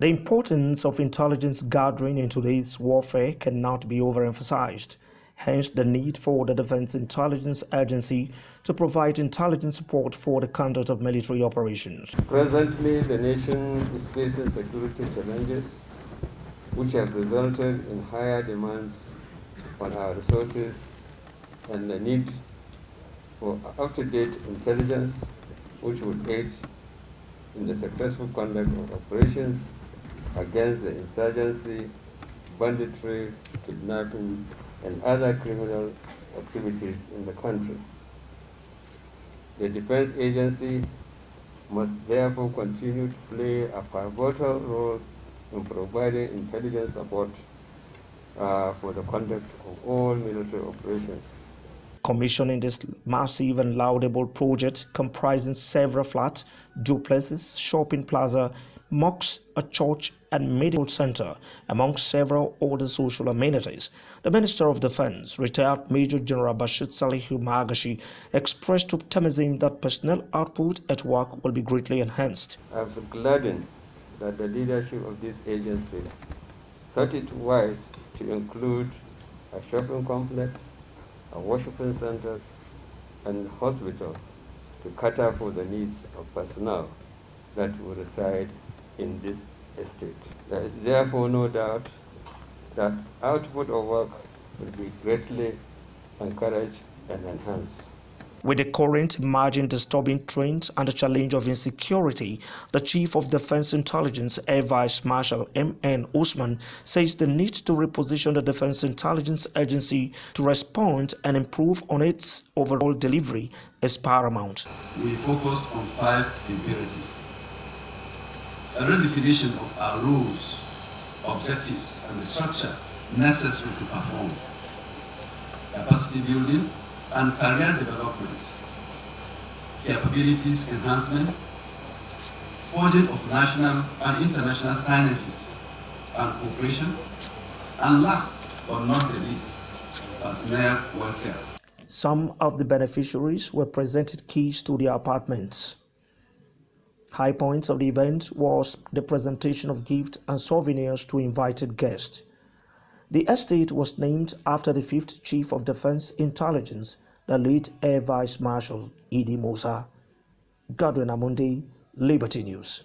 The importance of intelligence gathering in today's warfare cannot be overemphasized, hence, the need for the Defense Intelligence Agency to provide intelligence support for the conduct of military operations. Presently, the nation is facing security challenges which have resulted in higher demands on our resources and the need for up-to-date intelligence which would aid in the successful conduct of operations against the insurgency, banditry, kidnapping, and other criminal activities in the country. The Defense Agency must therefore continue to play a pivotal role in providing intelligence support uh, for the conduct of all military operations. Commissioning this massive and laudable project comprising several flats, duplexes, shopping plaza, mosque, a church and medical center, among several other social amenities. The Minister of Defense, retired Major General Bashir Salihu Magashi, expressed optimism that personnel output at work will be greatly enhanced. I'm gladdened that the leadership of this agency thought it wise to include a shopping complex, a worshiping center, and hospital to cater for the needs of personnel that will reside in this estate. There is therefore no doubt that output of work will be greatly encouraged and enhanced. With the current margin disturbing trends and the challenge of insecurity, the Chief of Defense Intelligence Air Vice Marshal M.N. Usman says the need to reposition the Defense Intelligence Agency to respond and improve on its overall delivery is paramount. We focused on five imperatives a redefinition of our rules, objectives, and the structure necessary to perform capacity building and career development, capabilities enhancement, forging of national and international synergies and cooperation, and last but not the least, personnel welfare. Some of the beneficiaries were presented keys to their apartments. High points of the event was the presentation of gifts and souvenirs to invited guests. The estate was named after the 5th Chief of Defense Intelligence, the late Air Vice Marshal Idi Musa. Godwin Amundi, Liberty News.